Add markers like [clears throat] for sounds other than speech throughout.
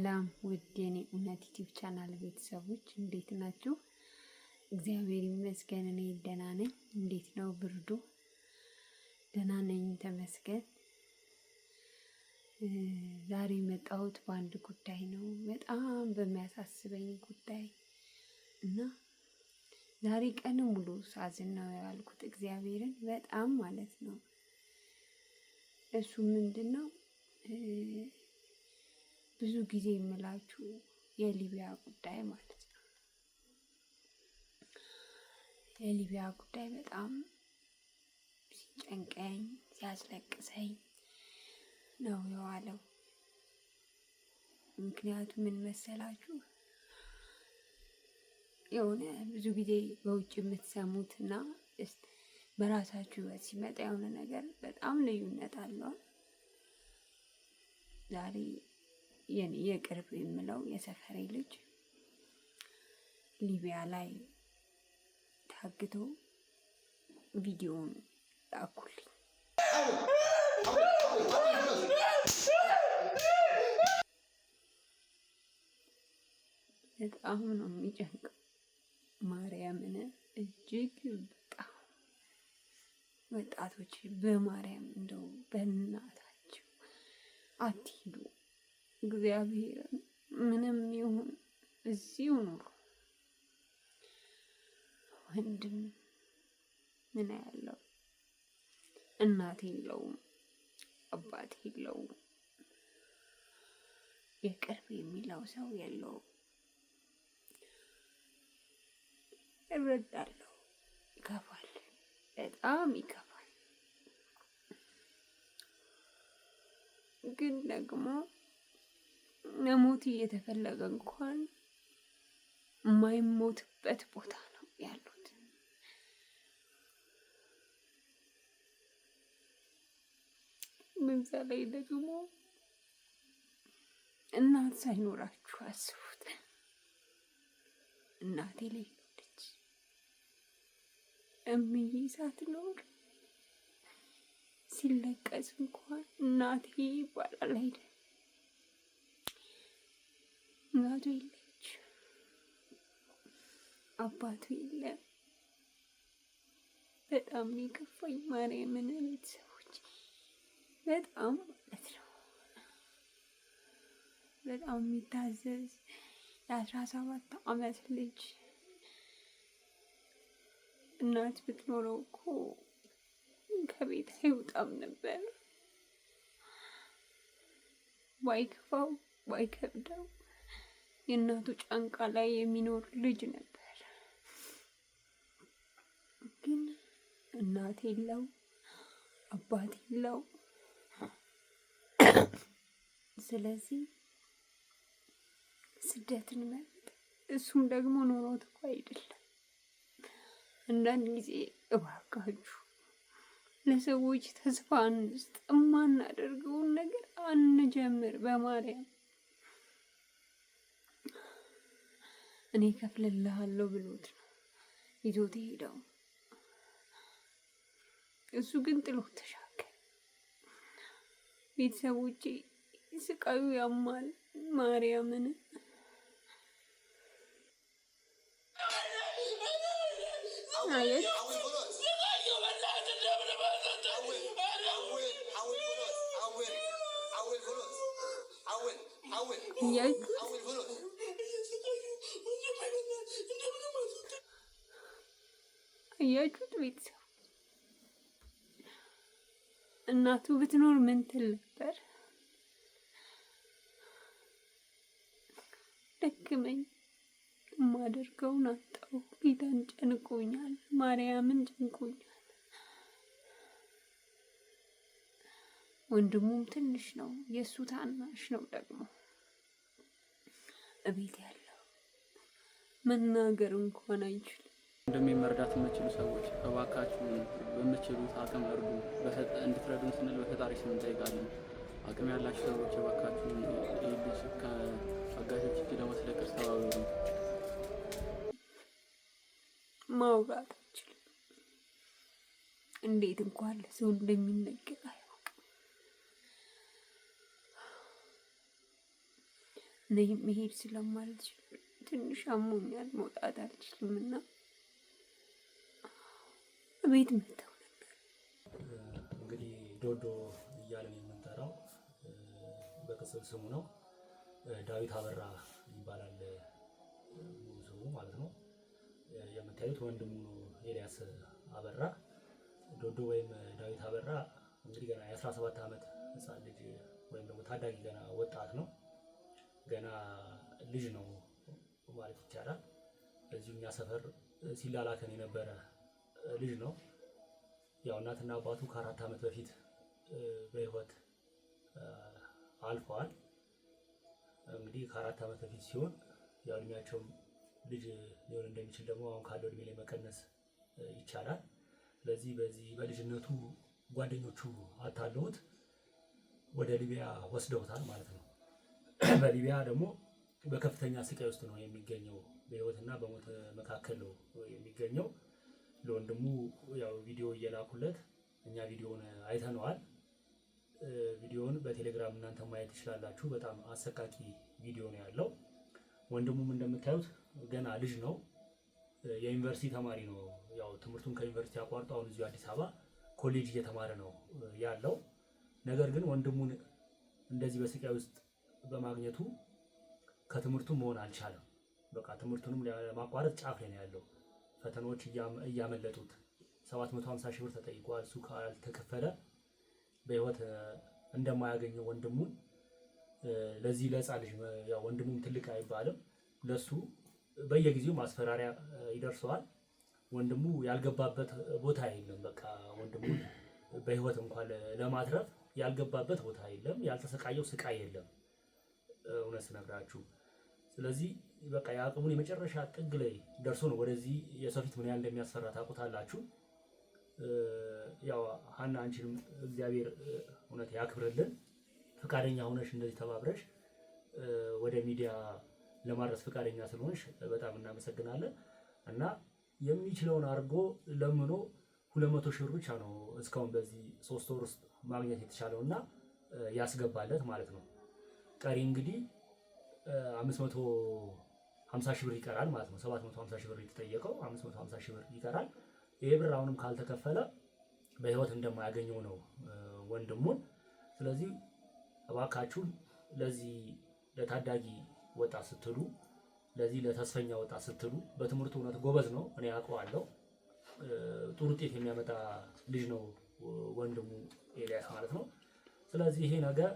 ሰላም ውድ የኔ እውነት ዩቲብ ቻናል ቤተሰቦች እንዴት ናችሁ? እግዚአብሔር ይመስገን እኔ ደህና ነኝ። እንዴት ነው ብርዱ? ደህና ነኝ ተመስገን። ዛሬ መጣሁት በአንድ ጉዳይ ነው፣ በጣም በሚያሳስበኝ ጉዳይ እና ዛሬ ቀን ሙሉ ሳዝን ነው ያልኩት እግዚአብሔርን በጣም ማለት ነው። እሱ ምንድን ነው ብዙ ጊዜ የምላችሁ የሊቢያ ጉዳይ ማለት ነው። የሊቢያ ጉዳይ በጣም ሲጨንቀኝ ሲያስለቅሰኝ ነው የዋለው። ምክንያቱም ምን መሰላችሁ የሆነ ብዙ ጊዜ በውጭ የምትሰሙት እና በራሳችሁ ህይወት ሲመጣ የሆነ ነገር በጣም ልዩነት አለዋል ዛሬ የኔ የቅርብ የምለው የሰፈሬ ልጅ ሊቢያ ላይ ታግቶ ቪዲዮውን ላኩልኝ። በጣም ነው የሚጨንቀው። ማርያምን እጅግ በጣም ወጣቶች በማርያም እንደው በእናታቸው አትሂዱ። እግዚአብሔር ምንም ይሁን እዚሁ ኑሩ ወንድም ምን ያለው እናት የለውም፣ አባት የለውም፣ የቅርብ የሚለው ሰው የለውም። እረዳለሁ። ይከፋል፣ በጣም ይከፋል። ግን ደግሞ ለሞት እየተፈለገ እንኳን የማይሞትበት ቦታ ነው ያሉት። በዛ ላይ ደግሞ እናት ሳይኖራችሁ አስቡት። እናት የሌለች እምዬ ሳትኖር ሲለቀስ እንኳን እናቴ ይባላል አይደል? እናቱ የለች፣ አባቱ የለም። በጣም ነው የከፋኝ። ማርያምን ቤተሰቦች በጣም ማለት ነው በጣም የሚታዘዝ የአስራ ሰባት ዓመት ልጅ እናት ብትኖረው እኮ ከቤት አይወጣም ነበር። ባይከፋው ባይከብደው የእናቱ ጫንቃ ላይ የሚኖር ልጅ ነበር። ግን እናት የለው፣ አባት የለው። ስለዚህ ስደትን መረጠ። እሱም ደግሞ ኖሮት እኮ አይደለም። አንዳንድ ጊዜ እባካችሁ ለሰዎች ተስፋ አንስጥ፣ እማናደርገውን ነገር አንጀምር በማርያም እኔ ከፍልልሃለሁ ብሎት ነው ይዞት ሄደው። እሱ ግን ጥሎት ተሻገረ። ቤተሰቦቼ ስቃዩ ያማል። ማርያምን አያችሁት? ቤተሰብ እናቱ ብትኖር ምን ትል ነበር? ደክመኝ የማደርገውን አጣሁ፣ ጌታን ጨንቆኛል፣ ማርያምን ጨንቆኛል። ወንድሙም ትንሽ ነው፣ የእሱ ታናሽ ነው። ደግሞ እቤት ያለው መናገር እንኳን አይችልም። እንደሚ መርዳት የምችሉ ሰዎች እባካችሁ በምችሉት አቅም እርዱ። እንድትረዱን ስንል በፈጣሪ ስም እንጠይቃለን። አቅም ያላችሁ ሰዎች እባካችሁ ይህ ልጅ ከአጋቾች እጅ ለማስለቀቅ ተባበሩ። ማውራት አልችልም። እንዴት እንኳን ለሰው እንደሚነገር አያውቅም። እኔ መሄድ ስለማልችል ትንሽ አሞኛል። መውጣት አልችልም እና ቤት መተው እንግዲህ ዶዶ እያለን የምንጠራው በቅጽል ስሙ ነው። ዳዊት አበራ ይባላል ስሙ ማለት ነው። የምታዩት ወንድሙ ኤልያስ አበራ ዶዶ ወይም ዳዊት አበራ እንግዲህ ገና የ17 ዓመት ህፃን ልጅ ወይም ደግሞ ታዳጊ ገና ወጣት ነው። ገና ልጅ ነው ማለት ይቻላል። እዚሁ እኛ ሰፈር ሲላላከን የነበረ ልጅ ነው። ያው እናትና አባቱ ከአራት ዓመት በፊት በህይወት አልፈዋል። እንግዲህ ከአራት ዓመት በፊት ሲሆን ያው እድሜያቸውም ልጅ ሊሆን እንደሚችል ደግሞ አሁን ካለው እድሜ ላይ መቀነስ ይቻላል። ስለዚህ በዚህ በልጅነቱ ጓደኞቹ አታለሁት ወደ ሊቢያ ወስደውታል ማለት ነው። [clears throat] በሊቢያ ደግሞ በከፍተኛ ስቃይ ውስጥ ነው የሚገኘው። በህይወትና በሞት መካከል ነው የሚገኘው። ለወንድሙ ያው ቪዲዮ እየላኩለት እኛ ቪዲዮውን አይተነዋል። ቪዲዮውን በቴሌግራም እናንተ ማየት ትችላላችሁ። በጣም አሰቃቂ ቪዲዮ ነው ያለው። ወንድሙም እንደምታዩት ገና ልጅ ነው፣ የዩኒቨርሲቲ ተማሪ ነው። ያው ትምህርቱን ከዩኒቨርሲቲ አቋርጦ አሁን እዚሁ አዲስ አበባ ኮሌጅ እየተማረ ነው ያለው። ነገር ግን ወንድሙን እንደዚህ በስቃይ ውስጥ በማግኘቱ ከትምህርቱ መሆን አልቻለም። በቃ ትምህርቱንም ለማቋረጥ ጫፍ ላይ ነው ያለው። ፈተናዎች እያመለጡት 750 ሺህ ብር ተጠይቋል። እሱ ካልተከፈለ በህይወት እንደማያገኘው ወንድሙን ለዚህ ለህፃን ልጅ ወንድሙም ትልቅ አይባልም ለሱ በየጊዜው ማስፈራሪያ ይደርሰዋል። ወንድሙ ያልገባበት ቦታ የለም። በቃ ወንድሙ በህይወት እንኳን ለማትረፍ ያልገባበት ቦታ የለም። ያልተሰቃየው ስቃይ የለም። እውነት ስነግራችሁ ስለዚህ በቃ የአቅሙን የመጨረሻ ጥግ ላይ ደርሶ ነው ወደዚህ የሰው ፊት ምን ያህል እንደሚያስፈራ ታውቁታላችሁ። ያው ሀና አንቺንም እግዚአብሔር እውነት ያክብርልን። ፈቃደኛ ሆነሽ እንደዚህ ተባብረሽ ወደ ሚዲያ ለማድረስ ፈቃደኛ ስለሆንሽ በጣም እናመሰግናለን እና የሚችለውን አድርጎ ለምኖ ሁለት መቶ ሺህ ብር ብቻ ነው እስካሁን በዚህ ሶስት ወር ውስጥ ማግኘት የተቻለው እና ያስገባለት ማለት ነው። ቀሪ እንግዲህ አምስት መቶ 50 ሺህ ብር ይቀራል ማለት ነው። 750 ሺህ ብር የተጠየቀው 550 ሺህ ብር ይቀራል። ይሄ ብር አሁንም ካልተከፈለ በህይወት እንደማያገኘው ነው ወንድሙን። ስለዚህ እባካችሁን ለዚህ ለታዳጊ ወጣት ስትሉ፣ ለዚህ ለተስፈኛ ወጣት ስትሉ፣ በትምህርቱ እውነት ጎበዝ ነው እኔ አውቀዋለሁ። ጥሩ ውጤት የሚያመጣ ልጅ ነው ወንድሙ ኤልያስ ማለት ነው። ስለዚህ ይሄ ነገር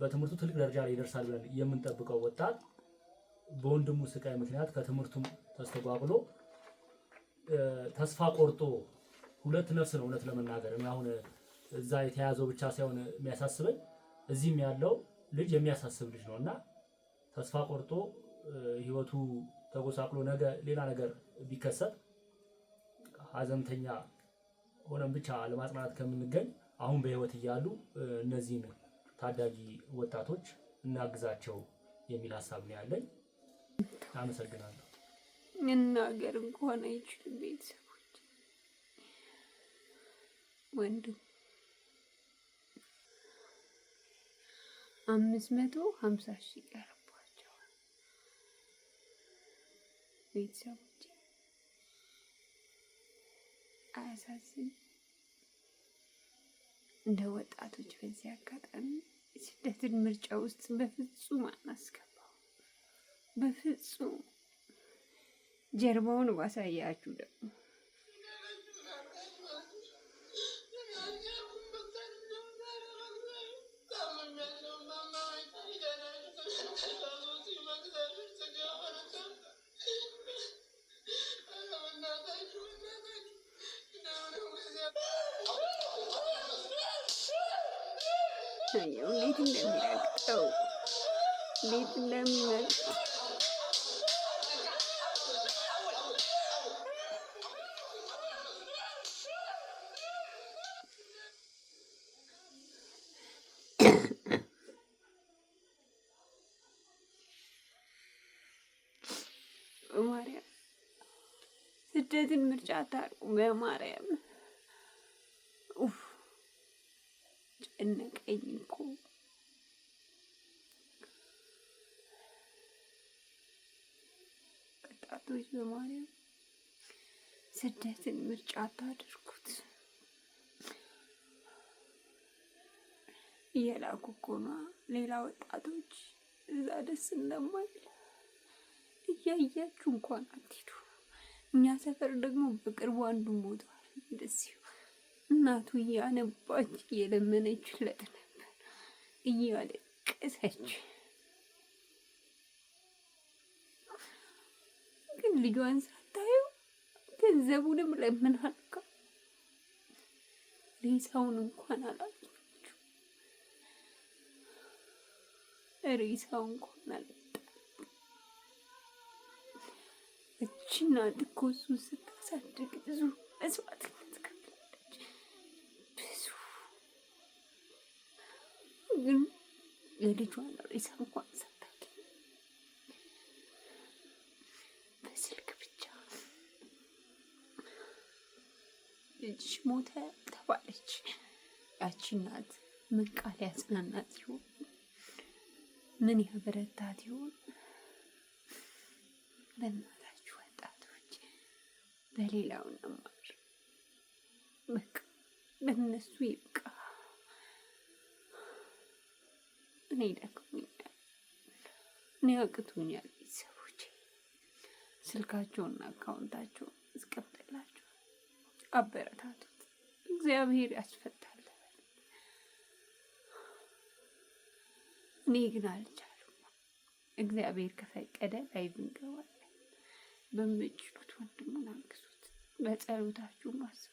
በትምህርቱ ትልቅ ደረጃ ላይ ይደርሳል ብለን የምንጠብቀው ወጣት በወንድሙ ስቃይ ምክንያት ከትምህርቱም ተስተጓጉሎ ተስፋ ቆርጦ ሁለት ነፍስ ነው። እውነት ለመናገር እኔ አሁን እዛ የተያዘው ብቻ ሳይሆን የሚያሳስበኝ እዚህም ያለው ልጅ የሚያሳስብ ልጅ ነው እና ተስፋ ቆርጦ ህይወቱ ተጎሳቅሎ ነገ ሌላ ነገር ቢከሰት ሀዘንተኛ ሆነን ብቻ ለማጽናናት ከምንገኝ አሁን በህይወት እያሉ እነዚህን ታዳጊ ወጣቶች እናግዛቸው የሚል ሀሳብ ነው ያለኝ። አመሰግናለሁ። መናገር እንኳን አይችልም። ቤተሰቦች ወንድም አምስት መቶ ሀምሳ ሺህ ቀርቧቸዋል። ቤተሰቦች አያሳዝን እንደ ወጣቶች በዚህ አጋጣሚ ስደትን ምርጫ ውስጥ በፍጹም አናስገባም። በፍጹም ጀርባውን ባሳያችሁ ደግሞ እንዴት እንደሚረግጠው እንዴት እንደሚመርጥ ስደትን ምርጫ አታርቁ። በማርያም ጨነቀኝ እኮ ወጣቶች በማርያም ስደትን ምርጫ አታድርጉት። እየላኩ እኮ ነዋ ሌላ ወጣቶች እዛ ደስ እንደማይል እያያችሁ እንኳን አትሄዱ። እኛ ሰፈር ደግሞ በቅርቡ አንዱ ሞቷል። እንደዚሁ እናቱ እያነባች ለጥ ነበር እያለቀሰች ግን ልጇን ሳታዩ ገንዘቡንም ለምን አልካ ሬሳውን እንኳን አላጣችሁ፣ ሬሳው እንኳን አልጣ። እችና ድኮ እሱን ስታሳድግ ብዙ መስዋዕትነት ከፍላለች። ብዙ ግን የልጇን ሬሳ እንኳን ልጅ ሞተ ተባለች። ያቺ እናት ምን ቃል ያጽናናት ይሆን? ምን ያበረታት ይሆን? በእናታችሁ ወጣቶች፣ በሌላው ነማር በቃ በእነሱ ይብቃ። እኔ ደክሞኛል፣ እኔ አቅቶኛል። ቤተሰቦች ስልካቸውና አካውንታቸውን እስቀምጠ አበረታቱት። እግዚአብሔር ያስፈታል። እኔ ግን አልቻልኩም። እግዚአብሔር ከፈቀደ ላይቭ እንገባለን። በምችሉት ወንድሙን አግዙት። በጸሎታችሁ ማስቡ